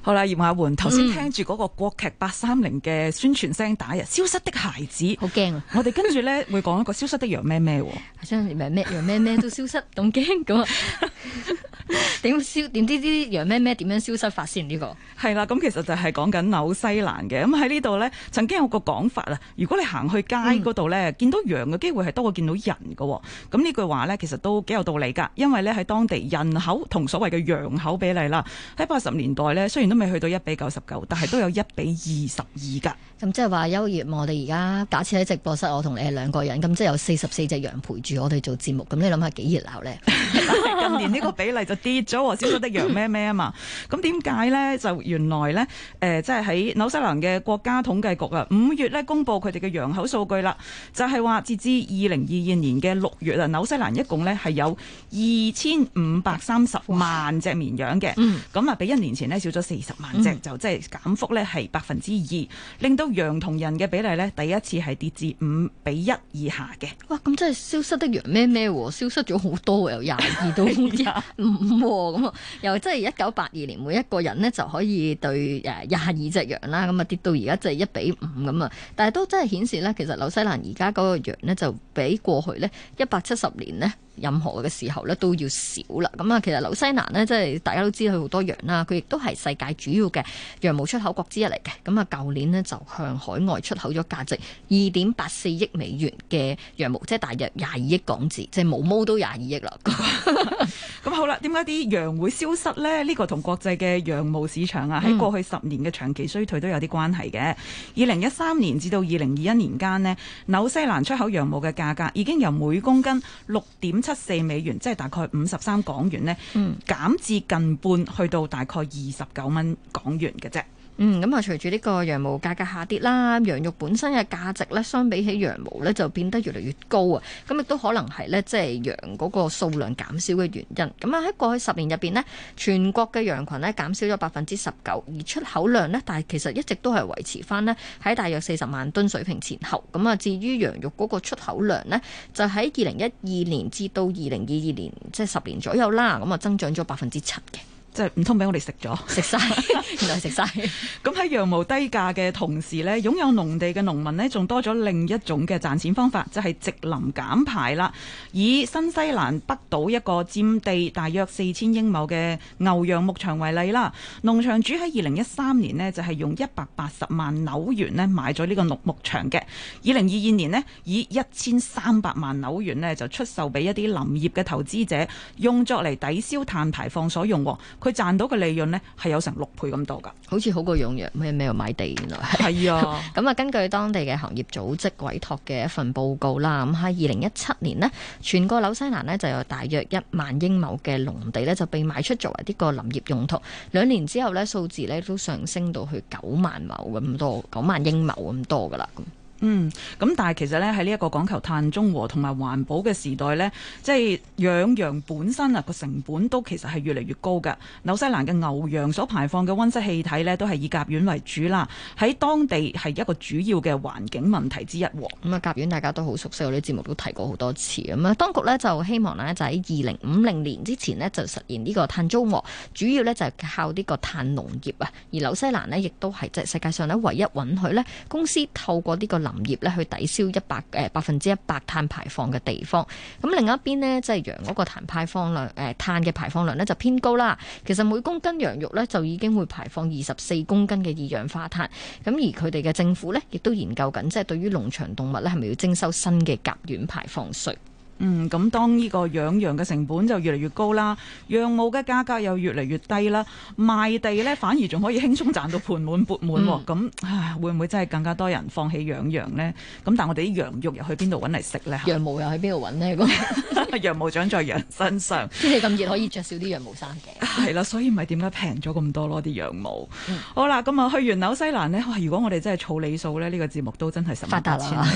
好啦，葉雅媛，頭先聽住嗰個國劇八三零嘅宣傳聲打人，嗯、消失的孩子好驚。怕啊、我哋跟住咧會講一個消失的羊咩咩，我想唔係咩，羊咩咩都消失，咁驚咁。 點消點知啲羊咩咩點樣消失法先？呢個係啦，咁其實就係講緊紐西蘭嘅。咁喺呢度呢，曾經有個講法啦，如果你行去街嗰度呢，見到羊嘅機會係多過見到人噶。咁呢句話呢，其實都幾有道理噶，因為呢，喺當地人口同所謂嘅羊口比例啦，喺八十年代呢，雖然都未去到一比九十九，但係都有一比二十二噶。咁 即係話，優越，我哋而家假設喺直播室，我同你係兩個人，咁即係有四十四隻羊陪住我哋做節目，咁你諗下幾熱鬧呢？今 年呢個比例就跌咗，消失的羊咩咩啊嘛？咁點解呢？就原來呢，誒，即係喺紐西蘭嘅國家統計局啊，五月呢公佈佢哋嘅羊口數據啦，就係、是、話截至二零二二年嘅六月啊，紐西蘭一共呢係有二千五百三十萬隻綿羊嘅，咁啊，嗯、比一年前呢少咗四十萬隻，嗯、就即係減幅呢係百分之二，令到羊同人嘅比例呢第一次係跌至五比一以下嘅。哇！咁真係消失的羊咩咩喎？消失咗好多喎，有廿二到唔？ 嗯咁 又即係一九八二年，每一個人咧就可以對誒廿二隻羊啦，咁啊跌到而家就一比五咁啊，但係都真係顯示咧，其實紐西蘭而家嗰個羊呢，就比過去呢一百七十年呢，任何嘅時候咧都要少啦。咁啊，其實紐西蘭呢，即係大家都知佢好多羊啦，佢亦都係世界主要嘅羊毛出口國之一嚟嘅。咁啊，舊年呢，就向海外出口咗價值二點八四億美元嘅羊毛，即係大約廿二億港紙，即係毛毛都廿二億啦。咁 好啦，點解啲羊會消失呢？呢個同國際嘅羊毛市場啊，喺過去十年嘅長期衰退都有啲關係嘅。二零一三年至到二零二一年間呢，紐西蘭出口羊毛嘅價格已經由每公斤六點七四美元，即係大概五十三港元呢，嗯、減至近半，去到大概二十九蚊港元嘅啫。嗯，咁啊，隨住呢個羊毛價格下跌啦，羊肉本身嘅價值呢，相比起羊毛呢，就變得越嚟越高啊。咁亦都可能係呢，即係羊嗰個數量減少嘅原因。咁啊，喺過去十年入邊呢，全國嘅羊群呢減少咗百分之十九，而出口量呢，但係其實一直都係維持翻呢，喺大約四十萬噸水平前後。咁啊，至於羊肉嗰個出口量呢，就喺二零一二年至到二零二二年，即係十年左右啦，咁啊增長咗百分之七嘅。即係唔通俾我哋食咗，食晒， 原來食晒。咁喺羊毛低價嘅同時咧，擁有農地嘅農民咧，仲多咗另一種嘅賺錢方法，就係、是、直林減排啦。以新西蘭北島一個佔地大約四千英畝嘅牛羊牧場為例啦，農場主喺二零一三年咧就係用一百八十萬紐元咧買咗呢個綠牧場嘅。二零二二年咧以一千三百萬紐元咧就出售俾一啲林業嘅投資者，用作嚟抵消碳排放所用。佢賺到嘅利潤咧，係有成六倍咁多噶，好似好過養羊咩，咩又買地原來係啊！咁啊，根據當地嘅行業組織委託嘅一份報告啦，咁喺二零一七年呢，全個紐西蘭咧就有大約一萬英畝嘅農地咧就被賣出作為呢個林業用途。兩年之後咧，數字咧都上升到去九萬畝咁多，九萬英畝咁多噶啦。嗯，咁但係其實咧喺呢一個講求碳中和同埋環保嘅時代咧，即係養羊本身啊個成本都其實係越嚟越高㗎。紐西蘭嘅牛羊所排放嘅溫室氣體咧都係以甲烷為主啦，喺當地係一個主要嘅環境問題之一。咁啊，甲烷大家都好熟悉，我哋節目都提過好多次。咁啊，當局咧就希望咧就喺二零五零年之前咧就實現呢個碳中和，主要咧就係靠呢個碳農業啊。而紐西蘭咧亦都係即係世界上咧唯一允許咧公司透過呢個。林業咧去抵消一百誒百分之一百碳排放嘅地方，咁另一邊呢，即係羊嗰個碳排放量誒碳嘅排放量咧就偏高啦。其實每公斤羊肉咧就已經會排放二十四公斤嘅二氧化碳，咁而佢哋嘅政府呢，亦都研究緊，即係對於農場動物咧係咪要徵收新嘅甲烷排放稅。嗯，咁當呢個養羊嘅成本就越嚟越高啦，羊毛嘅價格又越嚟越低啦，賣地呢反而仲可以輕鬆賺到盆滿缽滿喎。咁、嗯哦、會會唔會真係更加多人放棄養羊，羊呢？咁但係我哋啲羊肉又去邊度搵嚟食呢？羊毛又去邊度搵呢？咁 羊毛長在羊身上。天氣咁熱，可以着少啲羊毛衫嘅。係啦， 所以咪點解平咗咁多咯？啲羊毛。嗯、好啦，咁啊去完紐西蘭呢。哎、如果我哋真係儲理數呢，呢、呢個節目都真係十萬八千里達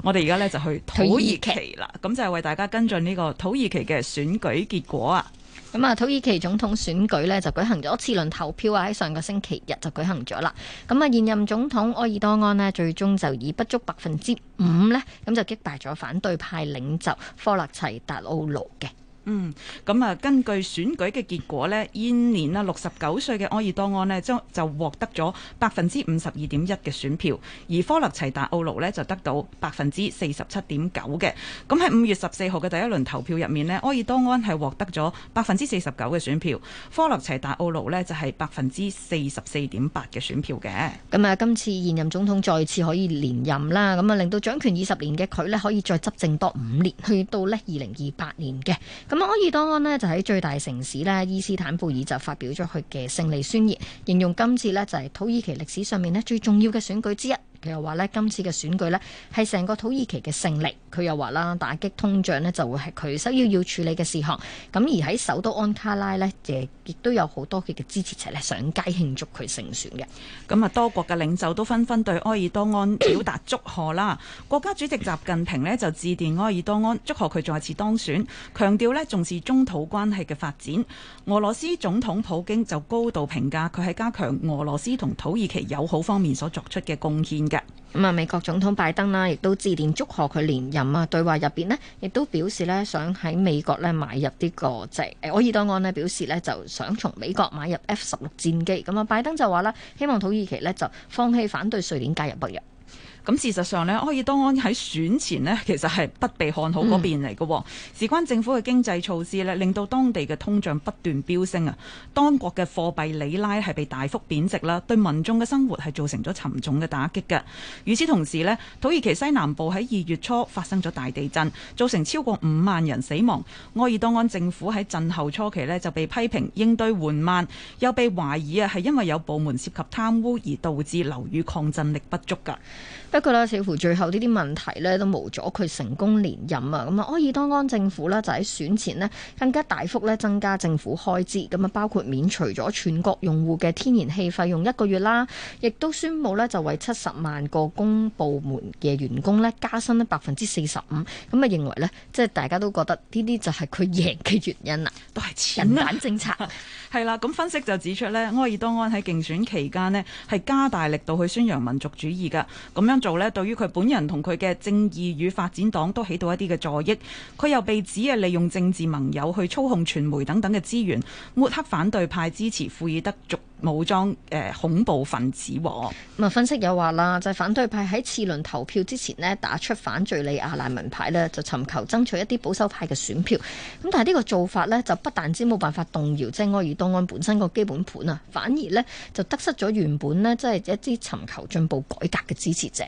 我哋而家呢就去土耳其啦，咁就係為。大家跟進呢個土耳其嘅選舉結果啊！咁啊，土耳其總統選舉呢，就舉行咗次輪投票啊，喺上個星期日就舉行咗啦。咁啊，現任總統埃爾多安呢，最終就以不足百分之五呢，咁就擊敗咗反對派領袖科勒齊達奧盧嘅。嗯，咁啊，根據選舉嘅結果呢，現年啦，六十九歲嘅埃爾多安咧，將就獲得咗百分之五十二點一嘅選票，而科勒齊達奧盧呢就得到百分之四十七點九嘅。咁喺五月十四號嘅第一輪投票入面呢，埃爾多安係獲得咗百分之四十九嘅選票，科勒齊達奧盧呢就係百分之四十四點八嘅選票嘅。咁啊，今次現任總統再次可以連任啦，咁啊，令到掌權二十年嘅佢呢，可以再執政多五年，去到呢二零二八年嘅。咁埃爾多安咧就喺最大城市咧伊斯坦布爾就發表咗佢嘅勝利宣言，形容今次咧就係土耳其歷史上面咧最重要嘅選舉之一。佢又話呢今次嘅選舉呢係成個土耳其嘅勝利。佢又話啦，打擊通脹呢就會係佢首要要處理嘅事項。咁而喺首都安卡拉呢，亦都有好多佢嘅支持者呢上街慶祝佢勝選嘅。咁啊，多國嘅領袖都紛紛對埃爾多安表達祝賀啦。 國家主席習近平呢就致電埃爾多安，祝賀佢再次當選，強調呢重視中土關係嘅發展。俄羅斯總統普京就高度評價佢喺加強俄羅斯同土耳其友好方面所作出嘅貢獻。咁啊，美國總統拜登啦，亦都致電祝賀佢連任啊。對話入邊咧，亦都表示咧，想喺美國咧買入呢、這個即係埃爾多安咧表示咧，就想從美國買入 F 十六戰機。咁啊，拜登就話啦，希望土耳其咧就放棄反對瑞典加入北約。咁事實上呢，埃爾多安喺選前呢，其實係不被看好嗰邊嚟嘅，哦。嗯、事關政府嘅經濟措施呢，令到當地嘅通脹不斷飆升啊！當國嘅貨幣里拉係被大幅貶值啦，對民眾嘅生活係造成咗沉重嘅打擊嘅。與此同時呢，土耳其西南部喺二月初發生咗大地震，造成超過五萬人死亡。埃爾多安政府喺震後初期呢，就被批評應對緩慢，又被懷疑啊係因為有部門涉及貪污而導致樓宇抗震力不足噶。不過咧，似乎最後呢啲問題咧都冇阻佢成功連任啊！咁啊，埃爾多安政府呢，就喺選前咧更加大幅咧增加政府開支，咁啊包括免除咗全國用戶嘅天然氣費用一個月啦，亦都宣佈呢，就為七十萬個公部門嘅員工咧加薪咧百分之四十五，咁啊認為呢，即係大家都覺得呢啲就係佢贏嘅原因啦，都係錢啊！政策係啦，咁 分析就指出呢，埃爾多安喺競選期間呢，係加大力度去宣揚民族主義㗎，咁樣。做呢，對於佢本人同佢嘅正義與發展黨都起到一啲嘅助益。佢又被指係利、利用政治盟友去操控傳媒等等嘅資源，抹黑反對派支持庫爾德族。武裝誒、呃、恐怖分子咁、哦、啊分析有話啦，就係、是、反對派喺次輪投票之前咧，打出反敘利亞難民牌呢就尋求爭取一啲保守派嘅選票。咁但係呢個做法呢，就不但止冇辦法動搖即係埃爾多安本身個基本盤啊，反而呢就得失咗原本呢，即、就、係、是、一啲尋求進步改革嘅支持者。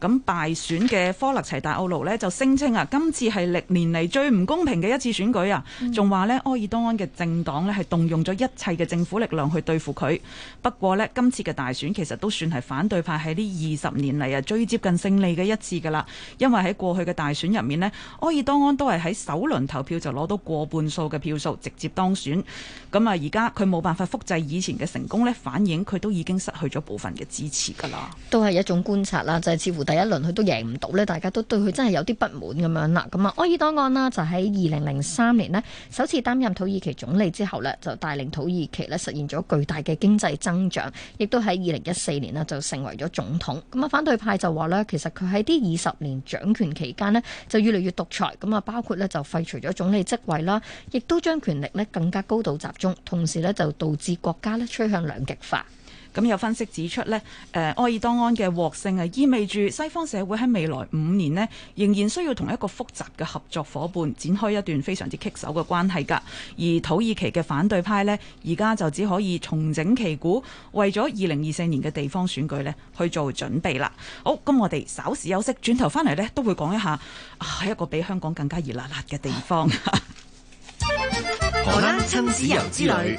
咁敗選嘅科勒齊大奧盧咧就聲稱啊，今次係歷年嚟，最唔公平嘅一次選舉啊！仲話咧，埃爾多安嘅政黨咧係動用咗一切嘅政府力量去對付佢。不過咧，今次嘅大選其實都算係反對派喺呢二十年嚟啊最接近勝利嘅一次噶啦。因為喺過去嘅大選入面咧，埃爾多安都係喺首輪投票就攞到過半數嘅票數直接當選。咁啊，而家佢冇辦法複製以前嘅成功咧，反映佢都已經失去咗部分嘅支持噶啦。都係一種觀察啦，就係似乎。第一輪佢都贏唔到呢，大家都對佢真係有啲不滿咁樣啦。咁啊，埃爾多安啦，就喺二零零三年呢首次擔任土耳其總理之後呢，就帶領土耳其呢實現咗巨大嘅經濟增長，亦都喺二零一四年呢就成為咗總統。咁啊，反對派就話呢，其實佢喺啲二十年掌權期間呢就越嚟越獨裁。咁啊，包括呢就廢除咗總理職位啦，亦都將權力呢更加高度集中，同時呢就導致國家呢趨向兩極化。咁、嗯、有分析指出咧，誒、呃、埃爾多安嘅獲勝啊，意味住西方社會喺未來五年咧，仍然需要同一個複雜嘅合作夥伴展開一段非常之棘手嘅關係㗎。而土耳其嘅反對派咧，而家就只可以重整旗鼓，為咗二零二四年嘅地方選舉咧去做準備啦。好，咁我哋稍事休息，轉頭翻嚟咧都會講一下喺、啊、一個比香港更加熱辣辣嘅地方，荷蘭、啊、 親子遊之旅。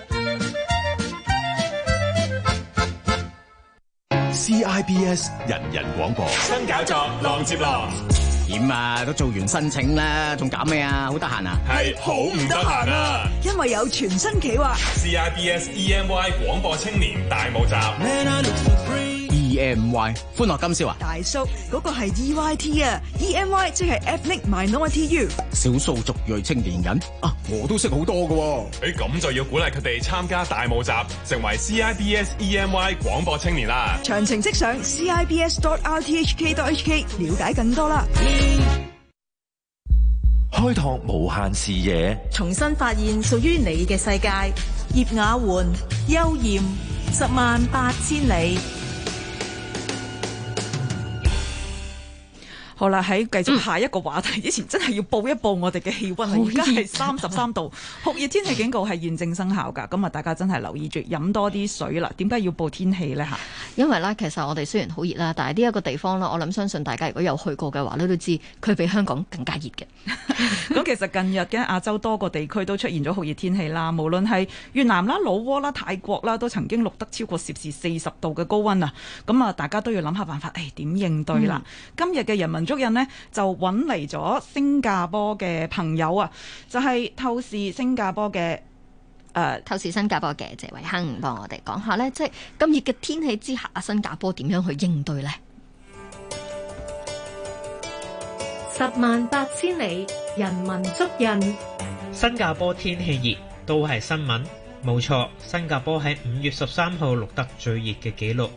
CIBS 人人廣播，新搞作浪接浪，點啊，都做完申請啦，仲搞咩啊？好得閒啊？係好唔得閒啊？因為有全新企劃，CIBS EMI 廣播青年大募集。E M Y 歡樂今宵啊！大叔，嗰、那個係 E Y T 啊，E M Y 即係 Ethnic Minority Youth 小少數族裔青年人啊！我都識好多噶，誒咁、欸、就要鼓勵佢哋參加大募集，成為 C I B S E M Y 廣播青年啦！詳情即上 C I B S dot R T H K dot H K 了解更多啦！嗯、開拓無限視野，重新發現屬於你嘅世界。葉雅媛，悠艷，十萬八千里。好啦，喺繼續下一個話題之、嗯、前，真係要報一報我哋嘅氣温，而家係三十三度，酷 熱天氣警告係現正生效㗎。咁啊，大家真係留意住，飲多啲水啦。點解要報天氣呢？吓？因為呢，其實我哋雖然好熱啦，但係呢一個地方咧，我諗相信大家如果有去過嘅話咧，都知佢比香港更加熱嘅。咁 其實近日嘅亞洲多個地區都出現咗酷熱天氣啦，無論係越南啦、老撾啦、泰國啦，都曾經錄得超過攝氏四十度嘅高溫啊！咁啊，大家都要諗下辦法，誒、哎，點應對啦？嗯、今日嘅人文足印呢，就搵嚟咗新加坡嘅朋友啊，就係、是、透視新加坡嘅。誒、呃，透視新加坡嘅謝偉鏗幫我哋講下咧，即係咁熱嘅天氣之下，新加坡點樣去應對呢？十萬八千里，人民足印。新加坡天氣熱都係新聞，冇錯。新加坡喺五月十三號錄得最熱嘅紀錄，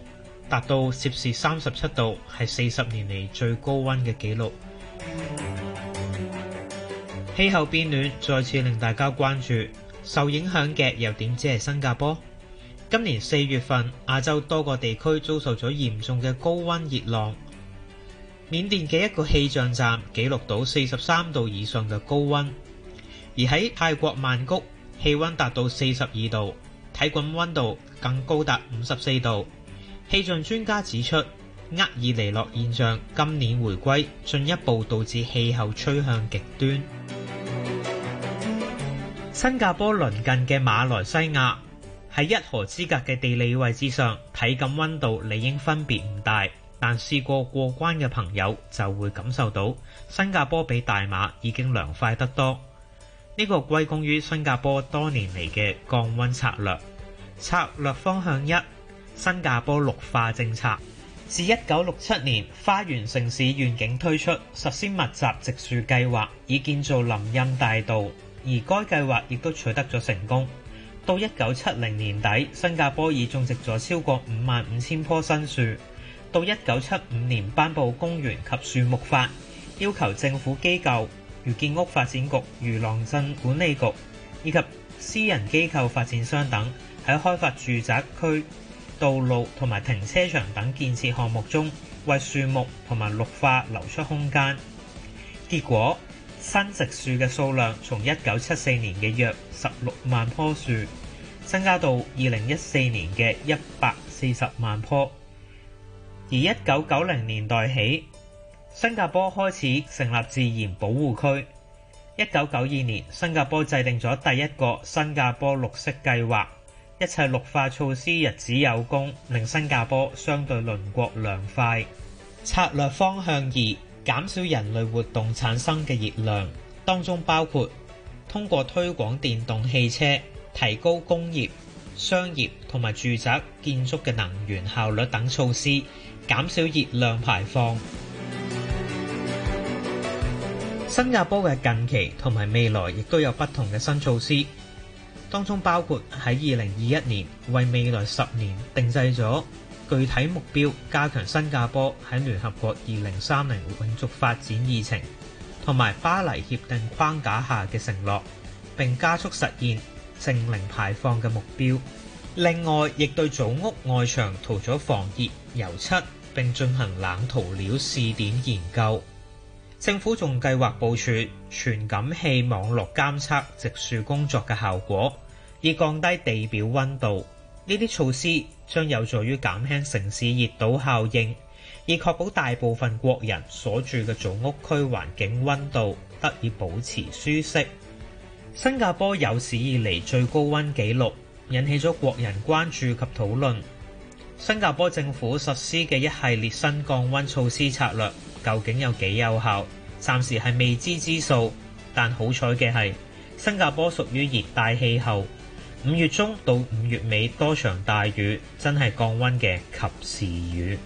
達到攝氏三十七度，係四十年嚟最高温嘅紀錄。氣候變暖再次令大家關注。受影響嘅又點止係新加坡？今年四月份，亞洲多個地區遭受咗嚴重嘅高温熱浪。緬甸嘅一個氣象站記錄到四十三度以上嘅高温，而喺泰國曼谷，氣温達到四十二度，體感溫度更高達五十四度。氣象專家指出，厄爾尼諾現象今年回歸，進一步導致氣候趨向極端。新加坡鄰近嘅馬來西亞喺一河之隔嘅地理位置上，體感温度理應分別唔大，但試過過關嘅朋友就會感受到新加坡比大馬已經涼快得多。呢個歸功於新加坡多年嚟嘅降温策略。策略方向一，新加坡綠化政策，自一九六七年花園城市願景推出，實施密集植樹計劃，以建造林蔭大道。而該計劃亦都取得咗成功。到一九七零年底，新加坡已種植咗超過五萬五千棵新樹。到一九七五年，頒布《公園及樹木法》，要求政府機構如建屋發展局、裕廊鎮管理局以及私人機構發展商等，喺開發住宅區、道路同埋停車場等建設項目中，為樹木同埋綠化留出空間。結果，新植樹嘅數量從1974年嘅約十六萬棵樹，增加到2014年嘅一百四十萬棵。而1990年代起，新加坡開始成立自然保護區。1992年，新加坡制定咗第一個新加坡綠色計劃，一切綠化措施日子有功，令新加坡相對鄰國涼快。策略方向二。減少人類活動產生嘅熱量，當中包括通過推廣電動汽車、提高工業、商業同埋住宅建築嘅能源效率等措施，減少熱量排放。新加坡嘅近期同埋未來亦都有不同嘅新措施，當中包括喺二零二一年為未來十年定制咗。具體目標加強新加坡喺聯合國二零三零永續發展議程，同埋巴黎協定框架下嘅承諾，並加速實現淨零排放嘅目標。另外，亦對組屋外牆塗咗防熱油漆，並進行冷塗料試點研究。政府仲計劃部署傳感器網絡監測植樹工作嘅效果，以降低地表溫度。呢啲措施，將有助於減輕城市熱島效應，以確保大部分國人所住嘅組屋區環境溫度得以保持舒適。新加坡有史以嚟最高溫紀錄引起咗國人關注及討論。新加坡政府實施嘅一系列新降溫措施策略究竟有幾有效？暫時係未知之數。但好彩嘅係，新加坡屬於熱帶氣候。五月中到五月尾多場大雨，真係降溫嘅及時雨。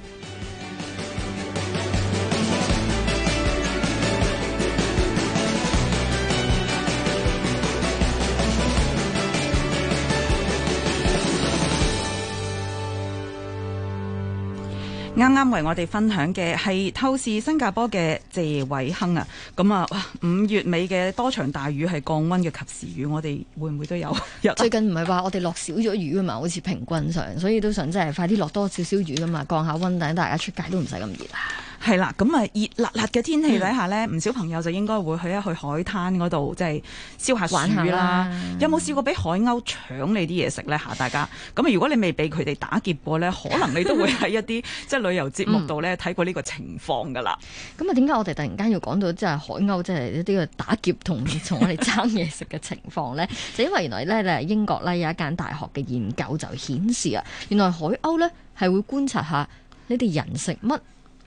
啱啱為我哋分享嘅係透視新加坡嘅謝偉鏗啊，咁啊哇，五月尾嘅多場大雨係降温嘅及時雨，我哋會唔會都有？ 最近唔係話我哋落少咗雨啊嘛，好似平均上，所以都想真係快啲落多少少雨噶嘛，降下温，等大家出街都唔使咁熱。嗯係啦，咁啊，熱辣辣嘅天氣底下呢，唔少朋友就應該會去一去海灘嗰度，即係燒下樹啦。有冇試過俾海鷗搶你啲嘢食呢？吓，大家咁如果你未俾佢哋打劫過呢，可能你都會喺一啲即係旅遊節目度呢睇過呢個情況噶啦。咁啊、 嗯，點解我哋突然間要講到即係海鷗，即係一啲嘅打劫同同我哋爭嘢食嘅情況呢？就 因為原來呢，英國呢有一間大學嘅研究就顯示啊，原來海鷗呢係會觀察下你哋人食乜。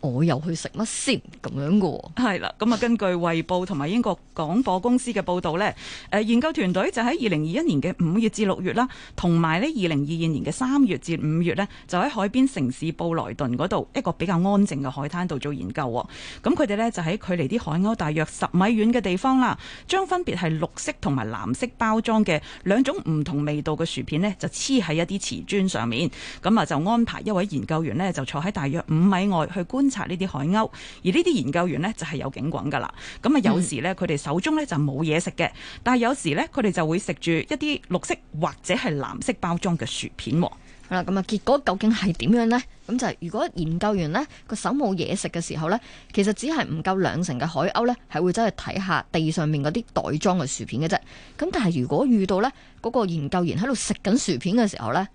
我又去食乜先咁樣嘅？係啦，咁啊，根據衛報同埋英國廣播公司嘅報道呢，誒，研究團隊就喺二零二一年嘅五月至六月啦，同埋呢二零二二年嘅三月至五月呢，就喺海邊城市布萊頓嗰度一個比較安靜嘅海灘度做研究喎。咁佢哋呢，就喺距離啲海鷗大約十米遠嘅地方啦，將分別係綠色同埋藍色包裝嘅兩種唔同味道嘅薯片呢，就黐喺一啲瓷磚上面。咁啊，就安排一位研究員呢，就坐喺大約五米外去觀查呢啲海鷗，而呢啲研究員呢就係有警棍噶啦。咁啊，有時呢，佢哋手中呢就冇嘢食嘅，嗯、但係有時呢，佢哋就會食住一啲綠色或者係藍色包裝嘅薯片。係啦，咁啊，結果究竟係點樣呢？咁就係如果研究員呢個手冇嘢食嘅時候呢，其實只係唔夠兩成嘅海鷗呢係會走去睇下地上面嗰啲袋裝嘅薯片嘅啫。咁但係如果遇到呢嗰個研究員喺度食緊薯片嘅時候呢。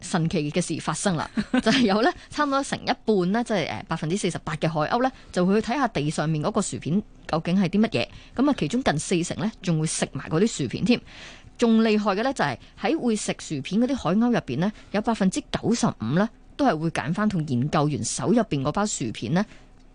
神奇嘅事發生啦，就係有咧，差唔多成一半咧，即係誒百分之四十八嘅海鷗呢，就會去睇下地上面嗰個薯片究竟係啲乜嘢。咁啊，其中近四成呢，仲會食埋嗰啲薯片添。仲厲害嘅呢，就係喺會食薯片嗰啲海鷗入面呢，有百分之九十五呢，都係會揀返同研究員手入面嗰包薯片呢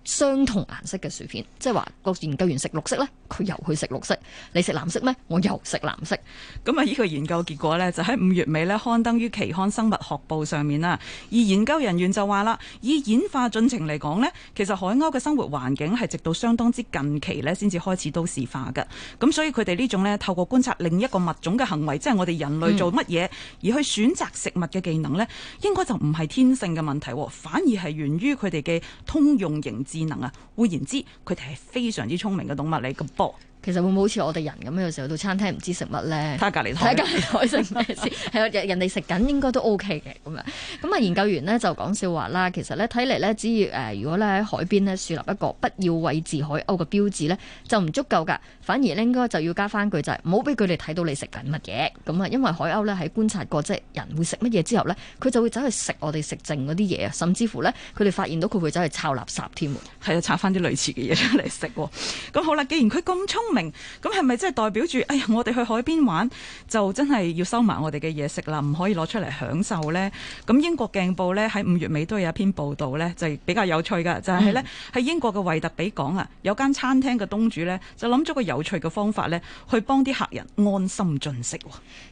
相同顏色嘅薯片，即係話個研究員食綠色呢，佢又去食綠色；你食藍色呢，我又食藍色。咁啊，呢個研究結果呢，就喺五月尾呢刊登於《期刊生物學報》上面啦。而研究人員就話啦，以演化進程嚟講呢，其實海鷗嘅生活環境係直到相當之近期呢先至開始都市化嘅。咁所以佢哋呢種呢透過觀察另一個物種嘅行為，即係我哋人類做乜嘢、嗯、而去選擇食物嘅技能呢，應該就唔係天性嘅問題，反而係源於佢哋嘅通用形，智能啊，換言之，佢哋係非常之聰明嘅動物嚟嘅噃。其實會唔會好似我哋人咁有時候到餐廳唔知食乜咧？睇隔離枱，睇隔離枱食咩先。係啊，人哋食緊應該都 OK 嘅咁啊。咁啊，研究員呢就講笑話啦。其實咧睇嚟咧，只要誒、呃，如果咧喺海邊咧樹立一個不要餵飼海鷗嘅標誌咧，就唔足夠㗎。反而咧應該就要加返句就係，唔好俾佢哋睇到你食緊乜嘢。咁啊，因為海鷗咧喺觀察過即係、就是、人會食乜嘢之後咧，佢就會走去食我哋食剩嗰啲嘢啊。甚至乎咧，佢哋發現到佢會走去抄垃圾添喎。係啊，抄返啲類似嘅嘢出嚟食。咁 好啦，既然佢咁聰明，咁係咪即係代表住？哎呀，我哋去海邊玩就真係要收埋我哋嘅嘢食啦，唔可以攞出嚟享受呢。咁英國鏡報呢，喺五月尾都有一篇報道呢，就係、比較有趣噶，就係呢，喺英國嘅惠特比港啊，有間餐廳嘅東主呢，就諗咗個有趣嘅方法呢，去幫啲客人安心進食。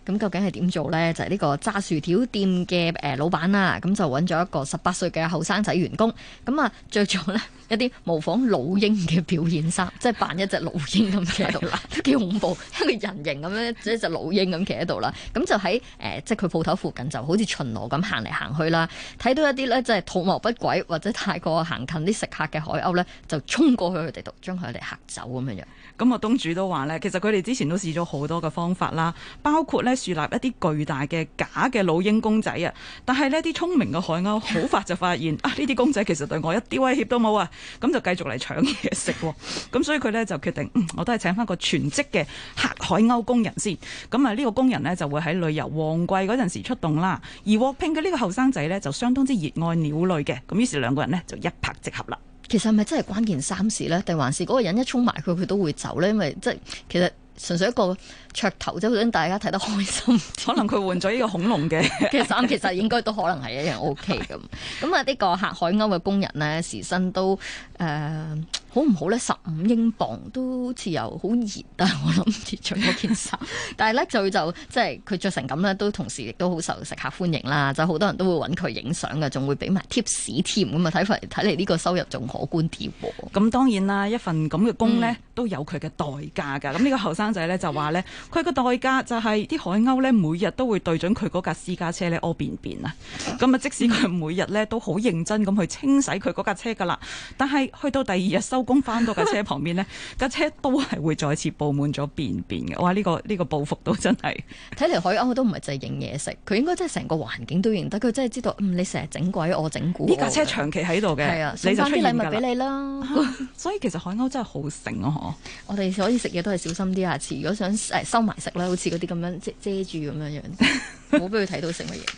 咁究竟係點做呢？就係呢個炸薯條店嘅誒老闆啦，咁就揾咗一個十八歲嘅後生仔員工，咁啊着咗呢，一啲模仿老鷹嘅表演衫，即係扮一隻老鷹咁。 喺度啦，都幾 恐怖，一個人形咁樣，即係隻老鷹咁企喺度啦。咁就喺、呃、即係佢鋪頭附近就走走，就好似巡邏咁行嚟行去啦。睇到一啲咧，即係圖謀不軌或者太過行近啲食客嘅海鷗咧，就衝過去佢哋度，將佢哋嚇走咁樣。咁啊，東主都話咧，其實佢哋之前都試咗好多嘅方法啦，包括咧樹立一啲巨大嘅假嘅老鷹公仔啊。但係呢啲聰明嘅海鷗好快就發現 啊，呢啲公仔其實對我一啲威脅都冇啊，咁就繼續嚟搶嘢食喎。咁 所以佢咧就決定，嗯、我請翻個全職嘅黑海鷗工人先，咁啊呢個工人呢就會喺旅遊旺季嗰陣時出動啦。而獲聘嘅呢個後生仔呢就相當之熱愛鳥類嘅，咁於是兩個人呢就一拍即合啦。其實係咪真係關件衫事呢定還是嗰個人一衝埋佢，佢都會走呢？因為即係其實純粹一個噱頭啫，好想大家睇得開心。可能佢換咗呢個恐龍嘅件衫其實應該都可能係一樣 OK 咁。咁啊呢個黑海鷗嘅工人呢時薪都誒、呃好唔好咧？十五英鎊都好似又好熱啊！我諗住著嗰件衫， 但係咧就就即係佢着成咁咧，都同時亦都好受食客歡迎啦。就好多人都會揾佢影相㗎，仲會俾埋貼士添咁啊！睇嚟睇嚟呢個收入仲可觀啲喎。咁當然啦，一份咁嘅工咧。嗯都有佢嘅代價㗎。咁呢個後生仔咧就話咧，佢個、嗯、代價就係、是、啲海鷗咧，每日都會對準佢嗰架私家車咧屙便便啊。咁啊、嗯，即使佢每日咧都好認真咁去清洗佢嗰架車㗎啦，但係去到第二日收工翻到架車旁邊呢，架 車都係會再次布滿咗便便嘅。哇！呢、呢個呢、呢個報復到真係，睇嚟海鷗都唔係淨係影嘢食，佢應該真係成個環境都認得，佢真係知道，嗯、你成日整鬼我整蠱，呢架車長期喺度嘅，送翻啲禮物俾你啦、啊。所以其實海鷗真係好醒啊！ Oh. 我哋可以食嘢都係小心啲，下次，如果想誒、哎、收埋食咧，好似嗰啲咁樣遮遮住咁樣樣。 冇，唔好俾佢睇到成乜嘢。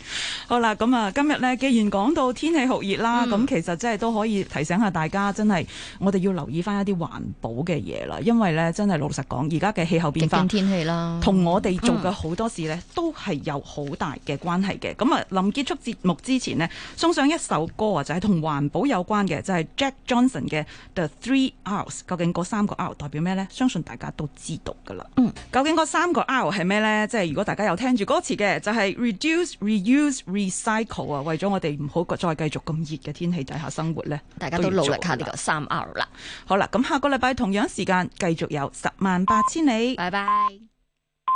好啦，咁啊，今日咧，既然講到天氣酷熱啦，咁、嗯、其實即係都可以提醒下大家，真係我哋要留意翻一啲環保嘅嘢啦。因為咧，真係老實講，而家嘅氣候變化，極端天氣啦，同我哋做嘅好多事咧，都係有好大嘅關係嘅。咁啊、嗯，臨結束節目之前呢，送上一首歌啊，就係同環保有關嘅，就係、是、Jack Johnson 嘅 The Three R’s。究竟嗰三個 R 代表咩咧？相信大家都知道噶啦。嗯、究竟嗰三個 R 係咩咧？即係如果大家有聽住歌詞嘅，就係、是 Reduce, Reuse, Recycle 啊！Uce, Re use, Re cycle，為咗我哋唔好再繼續咁熱嘅天氣底下生活咧，大家都努力下呢個三 R 啦。好啦，咁下個禮拜同樣時間繼續有十萬八千里。拜拜。